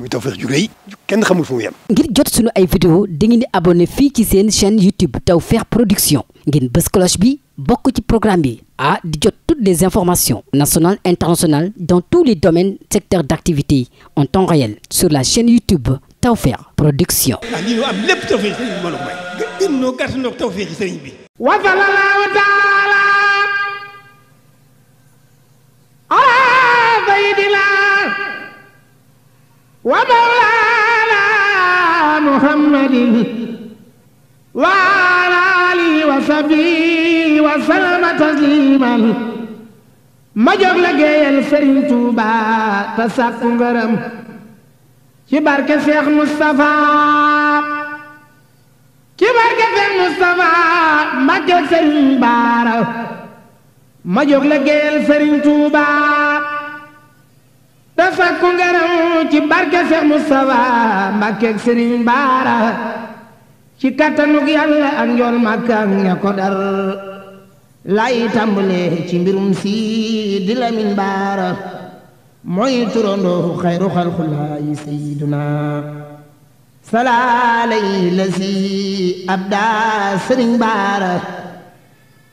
muy Tawfekh ju ngir jot sunu ay vidéo dangeen di abonné fii ci seen chaîne YouTube Tawfekh Production ngeen bës cloche bi bokk ci programme bi ah di jot toutes les informations nationales internationales dans tous les domaines secteurs d'activité en temps réel sur la chaîne YouTube Tawfekh Production. ah lii ñu am lépp Tawfekh sëriñ bi mbooloo mooy. gën gën ñoo gàtt ñoo ومولانا محمد وعلى آله وصحبه وسلم تسليما ma jóg liggéeyal Serigne Touba te sàkku ngërëm ci barke Cheikh Moustapha ci barke Cheikh ma jóg Serigne ma jóg liggéeyal Serigne Touba dafa ku ngërëm ci barke Seex Mustafa Mbàkke Sëriñ Baara ci kattanug yàlla ak njool Màkka ak ña ko dar ci mbirum si dila Lamin Baara mooy turandoo xayru xalxulaayi sayyiduna salaalay la si abda Sëriñ Baara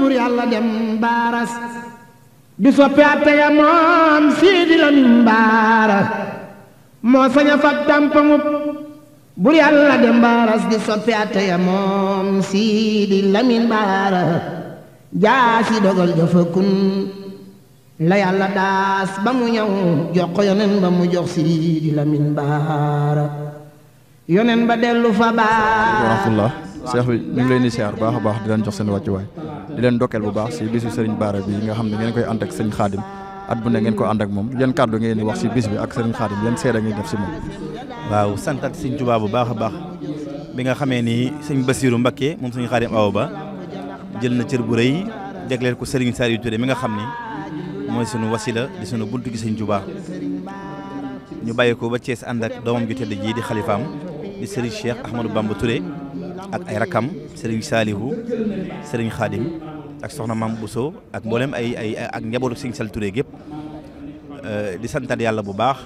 bur yàlla dem baaras di soppi ya moom Siidi Lamin Baara moo sañ a fab tampamub bur dem baaras di soppi ya moom Siidi Lamin Baara jaasi dogal jëfëkkun la daas ba mu ñëw jox ko yonen ba mu jox Siidi Lamin Baara yonen ba dellu fa baara seex ñu ngi leen di siyaar baax a baax di leen jox seen wàccuwaay di leen dokkeel bu baax si bisu Serigne Bara bi nga xam ne ngeen koy ànd ak sëñ Xaadim at bu ne ngeen ko ànd ak moom yan kàddu ngeen di wax si bis bi ak Serigne Xaadim yan seede ngeen def si moom. waaw sant ak sëñ Tuubaa bu baax a baax bi nga xamee ni sëñ Basiiru Mbakke moom sëñ Xaadim Awa Ba jël na cër bu rëy jagleel ko Serigne Saliou ture mi nga xam ni mooy sunu wasila di sunu buntu gi sëñ Tuubaa ñu bàyyi ko ba Thiès ànd ak doomam ju tedd ji di xalifaam di Serigne Cheikh Ahmadou Bamba Touré ak ay rakam sëriñ Saalihu sëriñ Xaadim ak soxna Maam Bousso ak mboolem ay ay ak njabootu sëñ Sall Touré gépp euh, di santaat yàlla bu baax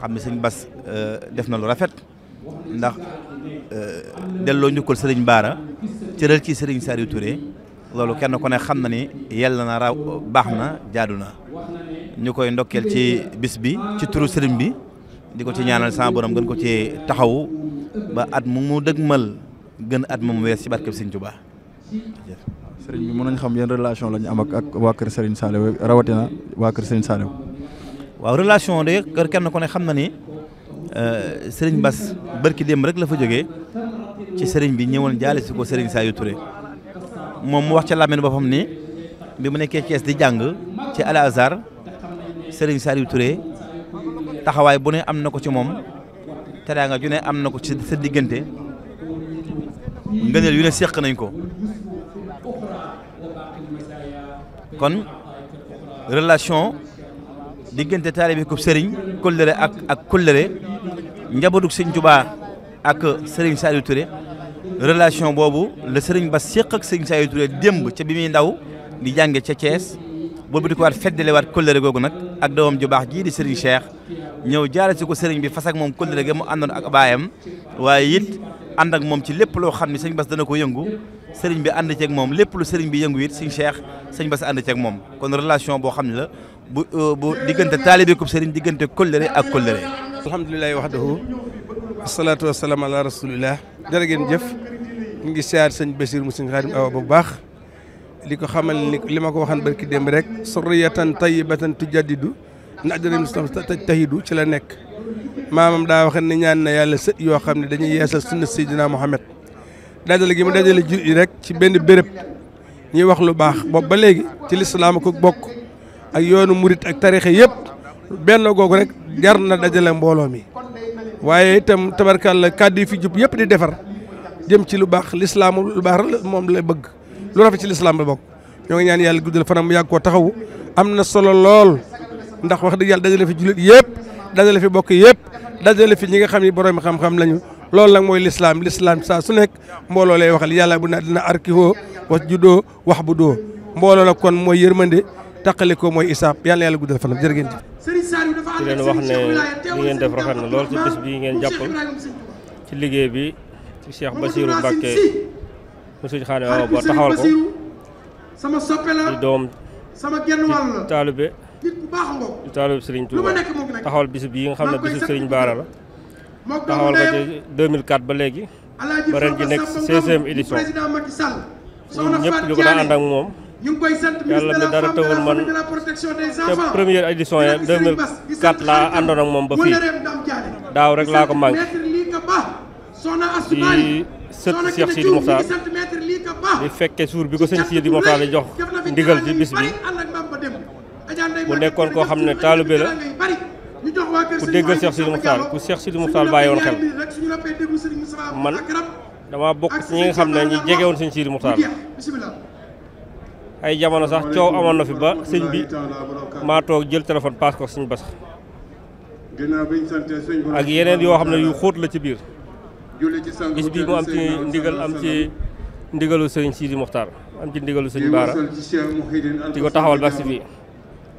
xam ne sëñ Bas euh, def na lu rafet ndax euh, delloo njukkal sëriñ Baara cëral ci sëriñ Saliou Touré loolu kenn ku ne xam na ni yàlla na raw baax na jaadu na ñu koy ndokkeel ci bis bi ci turu sëriñ bi di ko ci ñaanal sa borom gën ko ci taxawu ba at mu mu dëgmal gën at moom wees ci barkeb Sëriñ Tuubaa sëriñ bi mën nañ xam yan relation lañu am ak ak waa kër Serigne Saliou rawatina waa kër Serigne Saliou waaw relation de kër kenn ko ne xam na ni euh, Serigne Bass barki démb rek la fa jógee ci Serigne bi ñëwoon jaale si ko Serigne Saliou Touré moom mu wax ca làmmiñ boppam ni bi mu nekkee Thiès di jàng ci Al Azhar Serigne Saliou Touré taxawaay bu ne am na ko ci moom teraanga ju ne am na ko ci sa diggante. ngëneel yu ne seq nañ ko kon relation diggante taalibe ko sëriñ kóllëre ak ak kóllëre njabootu sëñ Tuubaa ak sëriñ Saliou Touré relation boobu la seriñ Bass seq ak sëriñ Saliou Touré démb ca bi muy ndaw di jànge ca Thiès boobu di ko waat feddalewaat kóllëre googu nag ak doomam ju baax jii di sëriñ Cheikh ñëw jaarale si ko sëriñ bi fas moom kóllëre ga mu àndoon ak baayam waaye ànd ak moom ci lépp loo xam ne sëñ Bass dana ko yëngu sëriñ bi ànd ceeg moom lépp lu sëriñ bi yëngu it sëñ Cheikh sëñ Bass ànd ceeg moom kon relation boo xam ne la bu euh, bu diggante taalibe ko sëriñ diggante kol kóllëre ak wax alhamdulilah wahdahu asalaatu wasalaam ala rasulillah jërë ngeen jëf ñu ngi siyaar sëñ Bachir mu sëñ Xaadim Awa bu baax li ko xamal ni li ma ko waxan barki démb rek surriyatan tayyibatan tujaddidu najran mustahidu ci la nekk. maamam daa wax ne ñaan na yàlla sët yoo xam ne dañuy yeesal sunna Seydina Muhammad dajale gi mu dajale jur yi rek ci benn béréb ñuy wax lu baax boobu ba léegi ci lislaam ko bokk ak yoonu murit ak tarixe yëpp benn googu rek jar na dajale mbooloo mi waaye itam tabarkàlla kàddu yi fi jub yëpp di defar jëm ci lu baax lislaam lu baax moom la bëgg lu ci lislaam la bokk ñoo ngi ñaan yàlla guddal fanam mu yàgg koo taxawu am na solo lool ndax wax dëgg yàlla dajale fi jullit yëpp dajale fi bokk yëpp dajale fi ñi nga xam ni borom xam-xam lañu loolu nag mooy lislaam lislaam saa su nekk mbooloo lay waxal yàlla bu na dina arkihoo wax juddoo wax bu doo mbooloo nag kon mooy yërmande taqali ko mooy isaab yàlla yàlla guddal fanam jërë ngeen jëf di leen wax ne li ngeen def rafet na lool ci bés ngeen jàppal liggéey bi ci Cheikh Bassirou Mbacké mu suñ xaane waaw taxawal ko di doom di taxawal bisu yi nga xam ne bisu Serigne Bara la taxawal ko ci 2004 ba léegi ba ren ji nekk 16e édition ñun ñëpp ñu ko daan ànd ak moom yàlla mi man ca première édition ya 2004 moom ba fii daaw rek laa ko manqué di sët Cheikh Sidi Mokhtar di fekke suur bi ko sëñ Sidi Mokhtar di jox ndigal ci bis bi mu nekkoon koo xam ne taalibe la ku déggal Cheikh Sidi Mokhtar ku Cheikh Sidi Mokhtar bàyyi woon xel man dama bokk ci ñi nga xam ne ñi jege woon sëñ Sidi Mokhtar ay jamono sax coow amoon na fi ba sëñ bi maa toog jël téléphone paas ko sëñ Bass ak yeneen yoo xam ne yu xóot la ci biir bis bii mu am ci ndigal am ci ndigalu sëñ Sidi Mokhtar am ci ndigalu sëñ Baara di ko taxawal ba si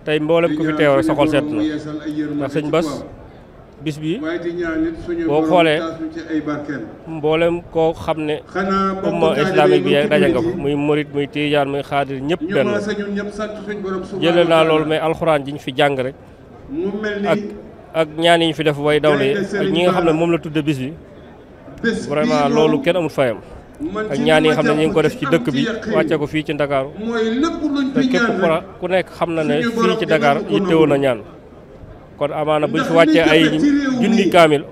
tey mboolem ko fi teew rek sa xol sedd na ndax sëñ Bas bis bi boo xoolee mboolem koo xam ne umma islamique bi daje nga fa muy murit muy tijaan muy xaadir ñëpp benn jëlee naa loolu may alxuraan ji ñu fi jàng rek ak ak ñaan yi ñu fi def way dawle ak ñi nga xam ne moom la tudde bis bi vraiment loolu kenn amul fayam. ak ñaan yi xam ne ñu ngi ko def ci dëkk bi wàcce ko fii ci Ndakaaru te ku nekk xam na ne fii ci Dakar yittewoo a ñaan kon amaana buñ fi wàccee ay junni kaamil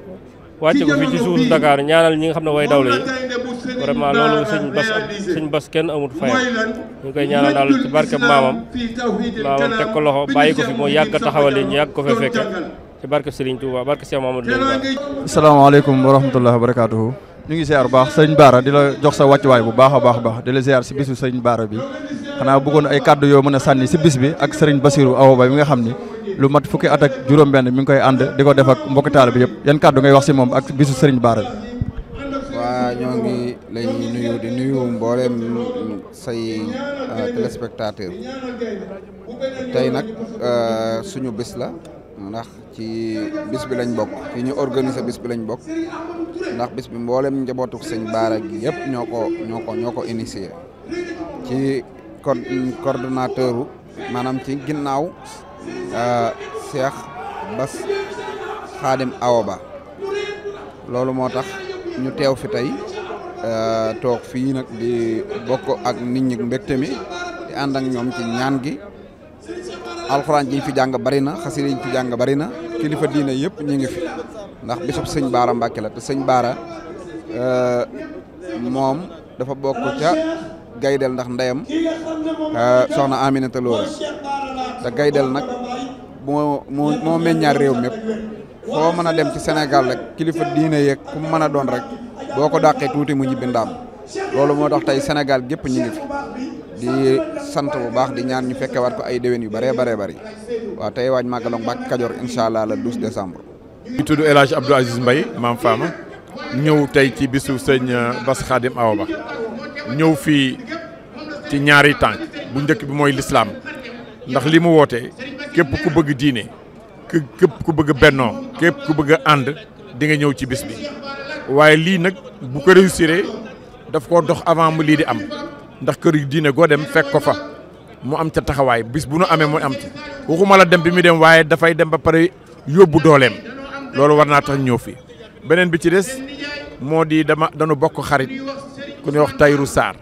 wàcce ko fii ci suufu Dakar ñaanal ñi nga xam ne way dawle yi vraiment loolu sëñ bas sëñ bas kenn amut fayam ñu ngi koy ñaanal daal ci barke maamam maamam teg ko loxo bàyyi ko fi moo yàgg a ñu yàgg ko fee fekke ci barke Serigne Touba barke Cheikh Mamadou Lamine Bara. asalaamaaleykum wa ñu ngi ziar bu baax sëñ Baara di la jox sa wàccuwaay bu baax a baax baax di la ziar si bisu sëñ Baara bi xanaa bëggoon ay kàddu yoo mën a sànni si bis bi ak sëriñ Basiru Awa Ba mi nga xam ni lu mat fukki at ak juróom-benn mi ngi koy ànd di ko def ak mbokk taal bi yëpp yan kàddu ngay wax si moom ak bisu sëriñ Baara bi. waa ñoo ngi lay nuyu di nuyu mboolem say euh, téléspectateur tey nag euh, suñu bis la. ndax ci bis bi lañ bokk fi ñu organiser bis bi lañ bokk ndax bis bi mboolem njabootu sëñ Baara gi yëpp ñoo ko ñoo ko ñoo ko initié ci coordonnateur maanaam ci ginnaaw euh, Cheikh Bass Khadim Awa Ba loolu moo tax ñu teew fi tey euh, toog fii nag di bokk ak nit ñi mbégte mi di ànd ak ñoom ci ñaan gi. alxuraan ji fi jàng bari na xasida yi fi jàng bari na kilifa diine yëpp ñu ngi fi ndax bisub sëñ Baara Mbàkke la te sëñ Baara euh, moom dafa bokk ca gaydel ndax ndeyam euh, soxna Aminata Loore te gaydel nag moo moo moo meññaar réew mépp foo mën a dem ci Sénégal rek kilifa diine yeeg ku mu mën a doon rek boo ko daqee tuuti mu ñibbi ndaam loolu moo tax tey Sénégal gépp ñu ngi fi di sant bu baax di ñaan ñu fekkee waat ko ay déwén yu bëree baree bëri waaw tey waaj màggalong ba Kajoor incha allah le 12 décembre. ñu tudd El Hadj Abdou Aziz Mbaye maam Fama ñëw tey ci bisu sëñ euh, Bass Khadim Awa Ba ñëw fii ci ñaari tànk bu njëkk bi mooy lislaam ndax li mu woote képp ku bëgg diine képp ku bëgg bennoo képp ku bëgg a ànd di nga ñëw ci bis bi waaye lii nag bu ko réussiré daf ko dox avant mu lii di am ndax kër yi diine goo dem fekk ko fa mu am ca taxawaay bis bu nu amee mu am ci waxuma la dem bi muy dem waaye dafay dem ba pare yóbbu dooleem loolu war naa tax ñëw fi beneen bi ci des moo di dama dañu bokk xarit ku ñuy wax Tayru Sarr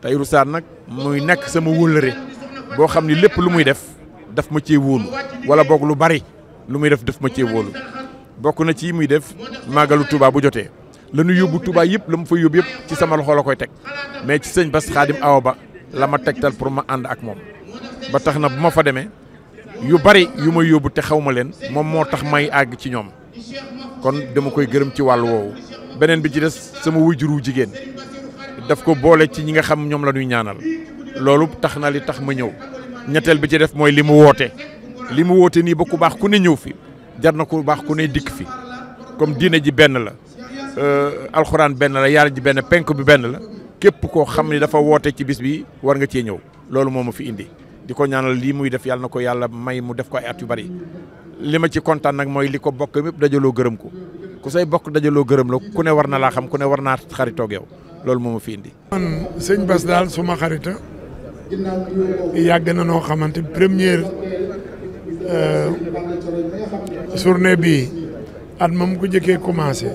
Tayru Sarr nag muy nekk sama wóllëre boo xam ni lépp lu muy def daf ma ci wóolu wala boog lu bari lu muy def daf ma cee wóolu bokk na ci muy def màggalu Tuubaa bu jotee la ñu yóbbu Touba yëpp la mu fa yóbbu yëpp ci sama loxo la koy teg mais ci sëñ Bass Xaadim Awa Ba la ma tegtal pour ma ànd ak moom ba tax na bu ma fa demee yu bari yu ma yóbbu te xaw ma leen moom moo tax may àgg ci ñoom kon dama koy gërëm ci wàll woowu. beneen bi ci des sama wujuru jigéen daf ko boole ci ñi nga xam ñoom la ñuy ñaanal loolu tax na li tax ma ñëw ñetteel bi ci def mooy li mu woote li mu woote nii ba ku baax ku ne ñëw fi jar na ku baax ku ne dikk fi comme diine ji benn la. Euh, alxuraan benn la yàlla ji benn penk bi benn la képp koo xam ni dafa woote ci bis bi war nga cee ñëw loolu moom ma fi indi di ko ñaanal lii muy def yàlla na ko yàlla may mu def ko ay at yu bari li ma ci kontaan nag mooy li ko bokk yëpp dajaloo gërëm ko ku say bokk dajaloo gërëm la ku ne war na laa xam ku ne war naa xaritoog yow loolu moom ma fi indi. man sëñ Bass daal suma xarita yàgg na noo xamante première euh, journée bi at moom ku njëkkee commencé.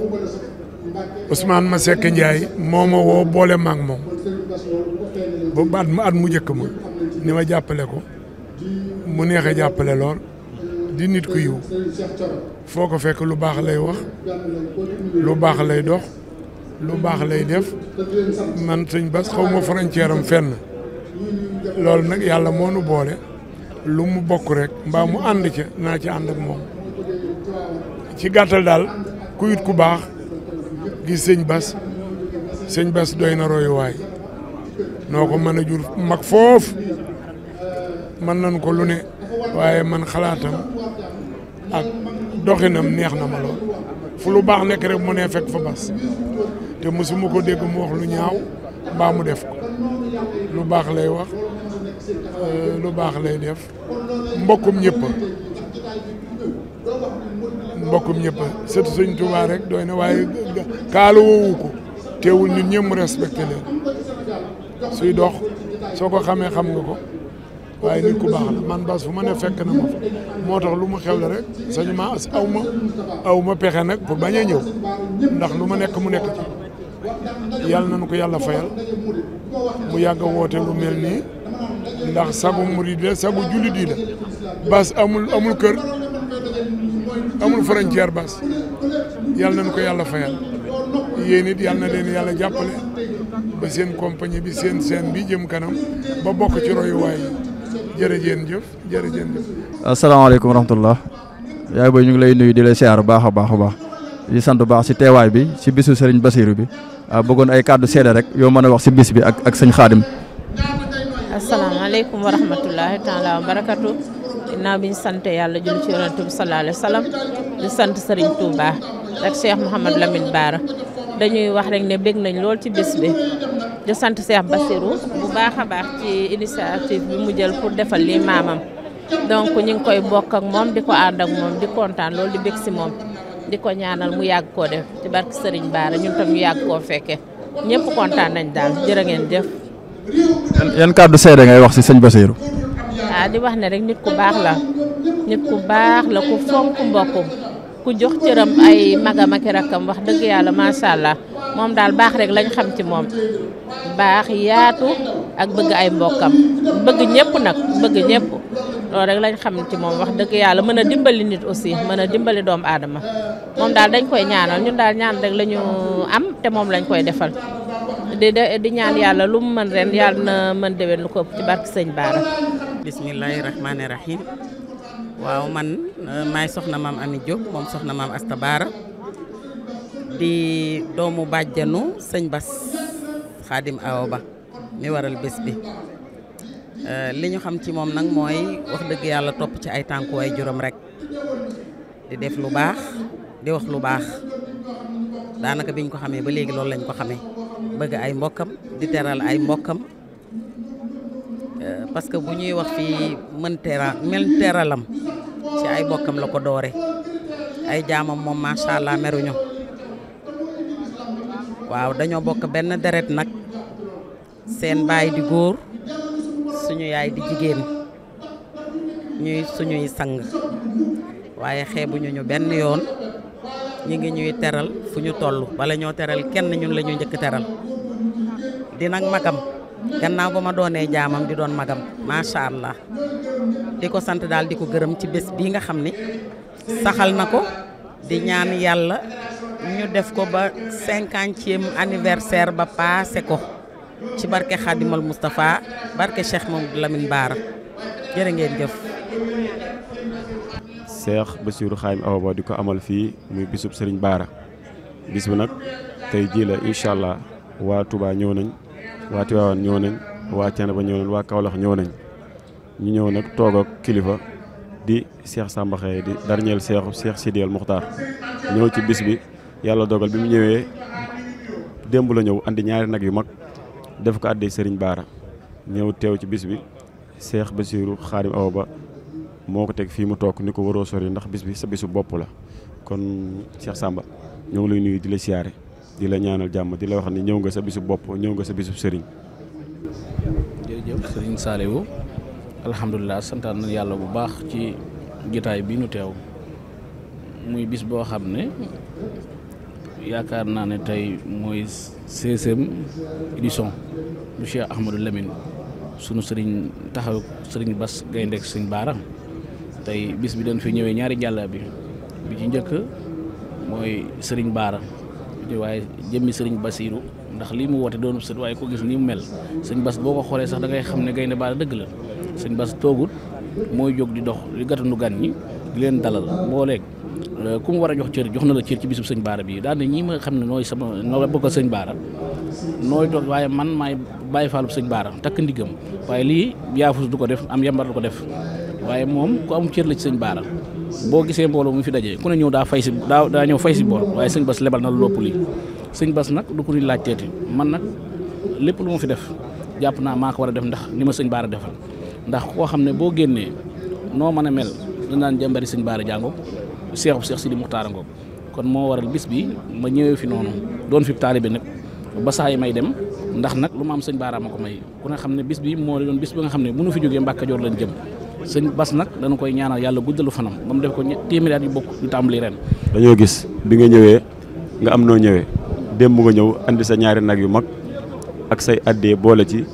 Ousmane Masseck Ndiaye moo ma woo boole ma ak moom baat ma at mu njëkk ma ni ma jàppale ko mu neexee jàppale lool di nit ku yiw foo ko fekk lu baax lay wax lu baax lay dox lu baax lay def man sëñ Bas xaw ma frontière am fenn loolu nag yàlla moo nu boole lu mu bokk rek mbaa mu ànd ca naa ci ànd moom ci gàttal daal ku ku baax. gis sëñ Bas sëñ Bas doy na royuwaay noo ko mën a jur mag foofu mën nañ ko lu ne waaye man xalaatam ak doxinam neex na ma lool fu lu baax nekk rek mu ne fekk fa Bas te mosuma ko dégg mu wax lu ñaaw mbaa mu def ko lu baax lay wax euh, lu baax lay def mbokkum ñëpp mbokkum ñëpp surtout sëñ Touba rek dooy na waaye kaala woowu ko teewul ñun ñëpp mu respecté leen suy dox soo ko xamee xam nga ko waaye nit ku baax la man bas fu ma ne fekk na ma moo tax lu ma xew la rek sañu ma as aw ma aw ma pexe nag pour bañ a ñëw ndax lu ma nekk mu nekk ci yàlla nañu ko yàlla fayal mu yàgg a woote lu mel nii ndax sagu murid la sagu jullit yi la bas amul kër amul frontière basse yàlla nañu ko yàlla fayal yéen it yàlla na leen yàlla jàppale ba seen compagnie bi seen seen bi jëm kanam ba bokk ci royuwaay yi jërëjeen jëf jërëjeen jëf asalaamaaleykum wa rahmatullah yaay booy ñu ngi lay nuyu di lay siyaar baax a baax a baax di sant baax si teewaay bi si bisu sëriñ Bassirou bi ah, bëggoon ay kàddu seede rek yoo mën a wax si bis bi ak ak sëñ Xaadim asalaamaaleykum wa rahmatullahi taala wa naaw bi ñu sant yàlla jul ci yonent bi sallallahu alayhi wa sallam di sant Serigne Touba ak Cheikh Mouhamad Lamine baara dañuy wax rek ne bég nañ lool ci bis bi di sant Cheikh Bassirou bu baax a baax ci initiative bi mu jël pour defal lii maamam donc ñu ngi koy bokk ak moom di ko ànd ak moom di kontaan lool di bég si moom di ko ñaanal mu yàgg koo def ci barke Serigne baara ñu tam ñu yàgg koo fekke ñëpp kontaan nañ daal jërë ngeen jëf. yan yan kàddu seede ngay wax si sëñ Bassirou. ah di wax ne rek nit ku baax la nit ku baax la ku fonk mbokk ku jox cëram ay magam ak rakkam wax dëgg yàlla macha allah moom daal baax rek lañu xam ci moom baax yaatu ak bëgg ay mbokkam bëgg ñëpp nag bëgg ñëpp loolu rek lañ xam ci moom wax dëgg yàlla mën a dimbali nit aussi mën a dimbali doomu aadama moom daal dañ koy ñaanal ñun daal ñaan rek lañu am te moom lañ koy defal di di ñaan yàlla lu mu mën ren yàlla na mën dewen lu ko ci barke sëñ Baara bismillahi rahmaani rahim waaw man euh, maay soxna maam Ami Diop moom soxna maam Asta Baara di doomu bàjjanu sëñ Bas Xaadim Awa Ba mi waral bés bi euh, li ñu xam ci moom nag mooy wax dëgg yàlla topp ci ay tànku ay juróom rek di def lu baax di wax lu baax daanaka biñ ko xamee ba léegi loolu lañ ko xamee bëgg ay mbokkam di teral ay mbokkam parce que bu ñuy wax fii mën teera ci ay bokkam la ko doore ay jaamam moom macha allah waaw dañoo bokk benn deret nag seen baay di góor suñu yaay di jigéen ñuy suñuy sang waaye xeebuñu ñu benn yoon ñi ngi ñuy teral fu ñu toll bala ñoo teral kenn ñun lañuy jëkk teral di magam gannaaw ba ma doonee jaamam di doon magam macha allah di ko sant daal di ko gërëm ci bés bii nga xam ni saxal na ko di ñaan yàlla ñu def ko ba cinquantième anniversaire ba paase ko ci barke Xadimal Moustapha barke Cheikh Mamadou Lamine Baara jërë ngeen jëf. Cheikh Bassirou Xadim Awa Ba di ko amal fii muy bisub Serigne Baara bis bi nag tey jii la allah waa Touba ñëw nañ. waa Tivaouane ñëw nañ waa ba ñëw nañ waa Kaolack ñëw nañ ñu ñëw nag toog ak kilifa di Cheikh Samba Xeye di dernier Cheikhu Cheikh Sidi El Mokhtar ñëw ci bis bi yàlla dogal bi mu ñëwee démb la ñëw andi ñaari nag yu mag def ko àddee Serigne Baara ñëw teew ci bis bi Cheikh Bassirou Khadim Awa Ba moo ko teg fii mu toog ni ko waroo sori ndax bis bi sa bisu bopp la kon Cheikh Samba ñoo ngi lay nuyu di la siyaare di la ñaanal jàmm di la wax ni ñëw nga sa bisu bopp ñëw nga sa bisub sëriñ. jërëjëf sëriñ Saliou alhamdulilah santaan na yàlla bu baax ci jotaay bi nu teew muy bis boo xam ne yaakaar naa ne tey mooy seizième édition du Cheikh Ahmadou Lamine sunu sëriñ taxaw sëriñ Bas Gaynde ak sëriñ Baara tey bis bi dañ fi ñëwee ñaari jàlla bi ci njëkk mooy sëriñ Baara. waaye jëmmi sëriñ Basiiru ndax lii mu woote doonu sët waaye ko gis nii mu mel sëñ Bas boo ko xoolee sax da ngay xam ne gaynde baal dëgg la sëñ Bas toogul mooy jóg di dox di gàttanu gan ñi di leen dalal mbooleeg euh, ku mu war a jox cër jox na la cër ci bisub sëñ Baara bii daane ñii ma xam ne nooy sama noo la bokkal sëñ Baara nooy toog waaye man maay bàyyi faalub sëñ Baara takk ndiggam waaye lii yaafus du ko def am yambar du ko def waaye moom ku am cër la ci sëñ boo gisee mbooloo mu fi dajee ku ne ñëw daa fay si daa daa ñëw fay si bool waaye sëñ bas lebal na lu ëpp lii sëñ bas nag du ko ñuy laaj teeti man nag lépp lu ma fi def jàpp naa maa ko war a def ndax ni ma sëñ baara defal ndax koo xam ne boo génnee noo mën a mel danaan jàmbari sëñ baara jàngo seexu seex si di muxtaara ngoog kon moo waral bis bi ma ñëwee fi fi taalibe nag ba saa yi may dem ndax nag lu ko may ku ne xam ne bis bi moo doon bis bi nga xam ne mënu fi jógee Mbàkke Kajoor jëm sëñ Bas nag dana koy ñaanal yàlla guddalu fanam ba mu def ko téeméeri at yu bokk yu tàmbali ren. dañoo gis bi nga ñëwee nga am noo ñëwee démb nga ñëw indi sa ñaari nag yu mag ak say addee boole ci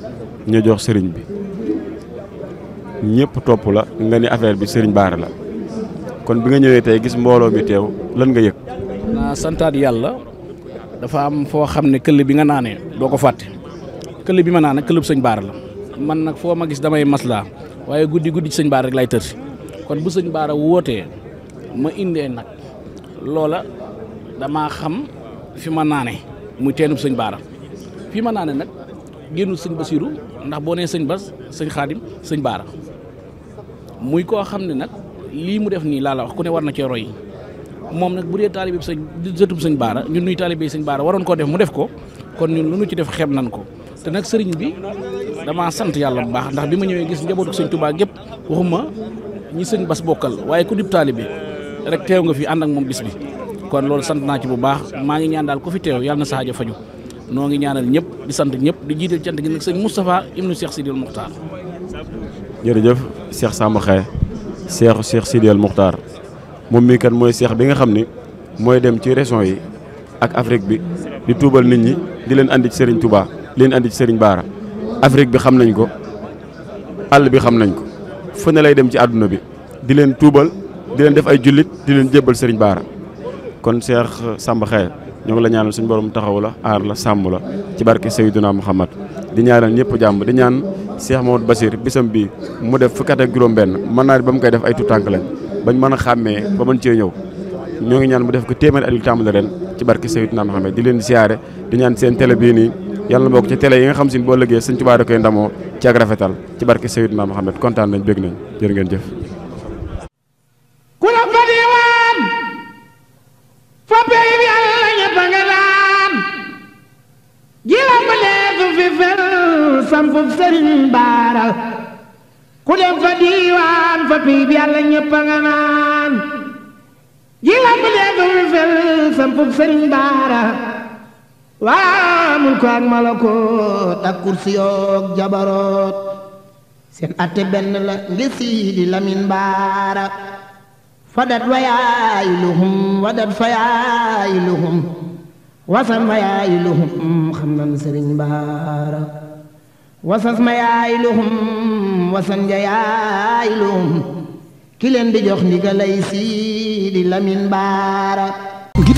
ñu jox sëriñ bi ñëpp topp la nga ni affaire bi sëriñ Baara la kon bi nga ñëwee tey gis mbooloo mi teew lan nga yëg. naa santaat yàlla dafa am foo xam ne këll bi nga naanee doo ko fàtte këll bi ma naanee këllub sëñ Baara la man nag foo ma gis damay maslaa. waaye guddi guddi ci sëñ Baara rek lay tër kon bu sëñ Baara wootee ma indee nag loola damaa xam fi ma naane muy teenub sëñ Baara fi ma naane nag génnu sëñ Basiru ndax boo ne sëñ Bas sëñ Xaadim sëñ Baara muy koo xam ne nag lii mu def nii laa la wax ku ne war na cee roy moom nag bu dee taalibe sëñ sëtub sëñ Baara ñun nuy taalibe sëñ Baara waroon koo def mu def ko kon ñun lu nu ci def xeeb nan ko te nag sëriñ bi damaa sant yàlla bu baax ndax bi ma ñëwee gis njabootu sëñ Touba gépp waxuma ñi sëñ Bas bokkal waaye ku dib taalibe rek teew nga fi ànd ak moom bis bi kon loolu sant naa ci bu baax maa ngi ñaan daal ku fi teew yàlla na sa aajo faju noo ngi ñaanal ñëpp di sant ñëpp di jiital cant gi nag sëñ Moustapha ibnu seex Sidil Muxtaar. jërëjëf Cheikh Samba Xaye Cheikh Cheikh Sidil Muxtaar moom mii kat mooy seex bi nga xam ni mooy dem ci région yi ak Afrique bi di tuubal nit ñi di leen andi ci Serigne Touba leen andi ci Serigne Afrique bi xam nañ ko àll bi xam nañ ko fu ne lay dem ci àdduna bi di leen tuubal di leen def ay jullit di leen jébbal Serigne Bara kon Cheikh Samba Khayre ñoo ngi la ñaanal suñ borom taxaw la aar la sàmm la ci barke Seydina Muhammad di ñaanal ñëpp jàmm di ñaan Cheikh Mamadou Bassir bisam bii mu def fu at ak juróom-benn mën naa ba mu koy def ay tuutànk lañ bañ mën a xàmmee ba mën cee ñëw ñoo ngi ñaan mu def ko téeméeri at yu tàmbali ren ci barke Seydina Muhammad di leen di ñaan seen yàlla na bokk ci télé yi nga xam si ne boo liggéey sëñ Tuubaa koy ndamoo ci ak rafetal ci barke Seydina Mohamed kontaan nañ bég nañ jërë ngeen jëf ku la fa diwaan fa peyib fi yàlla ñëpp nga naan gila ma leetu fi fel sampub sëriñ baara waa mulku ak malakoot ak kursiyoog jabaroot seen atte benn la ngi siidi lamin baara fadat wayaayiluhum wadat fayaayiluhum wasan wayaayiluhum xam nan sëriñ baara wasas ma yaayiluhum wasan ja yaayiluhum ki leen di jox ndigalay siidi lamin baara